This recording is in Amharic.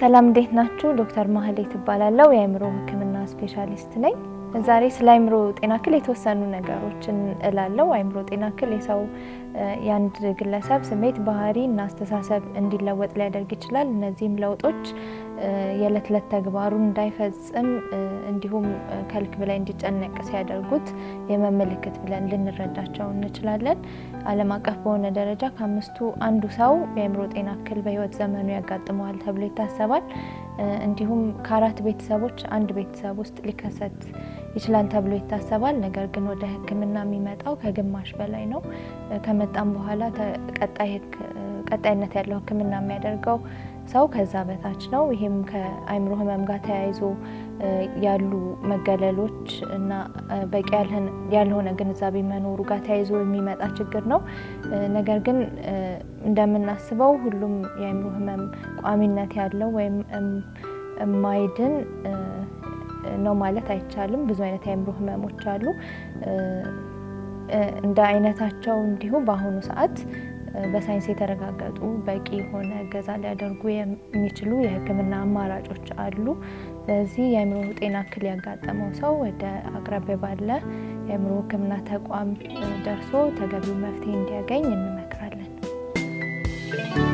ሰላም እንዴት ናችሁ? ዶክተር ማህሌት እባላለሁ የአእምሮ ሕክምና ስፔሻሊስት ነኝ። ዛሬ ስለ አእምሮ ጤና እክል የተወሰኑ ነገሮችን እላለሁ። አእምሮ ጤና እክል የሰው የአንድ ግለሰብ ስሜት፣ ባህሪ እና አስተሳሰብ እንዲለወጥ ሊያደርግ ይችላል። እነዚህም ለውጦች የዕለት ዕለት ተግባሩን እንዳይፈጽም እንዲሁም ከልክ በላይ እንዲጨነቅ ሲያደርጉት የህመም ምልክት ብለን ልንረዳቸው እንችላለን። ዓለም አቀፍ በሆነ ደረጃ ከአምስቱ አንዱ ሰው የአእምሮ ጤና እክል በህይወት ዘመኑ ያጋጥመዋል ተብሎ ይታሰባል። እንዲሁም ከአራት ቤተሰቦች አንድ ቤተሰብ ውስጥ ሊከሰት ይችላል ተብሎ ይታሰባል። ነገር ግን ወደ ሕክምና የሚመጣው ከግማሽ በላይ ነው። ከመጣም በኋላ ቀጣይነት ያለው ሕክምና የሚያደርገው ሰው ከዛ በታች ነው። ይሄም ከአይምሮ ህመም ጋር ተያይዞ ያሉ መገለሎች እና በቂ ያልሆነ ግንዛቤ መኖሩ ጋር ተያይዞ የሚመጣ ችግር ነው። ነገር ግን እንደምናስበው ሁሉም የአይምሮ ህመም ቋሚነት ያለው ወይም ማይድን ነው ማለት አይቻልም። ብዙ አይነት የአይምሮ ህመሞች አሉ። እንደ አይነታቸው እንዲሁ በአሁኑ ሰዓት በሳይንስ የተረጋገጡ በቂ የሆነ እገዛ ሊያደርጉ የሚችሉ የሕክምና አማራጮች አሉ። ስለዚህ የአእምሮ ጤና እክል ያጋጠመው ሰው ወደ አቅራቢያ ባለ የአእምሮ ሕክምና ተቋም ደርሶ ተገቢው መፍትሄ እንዲያገኝ እንመክራለን።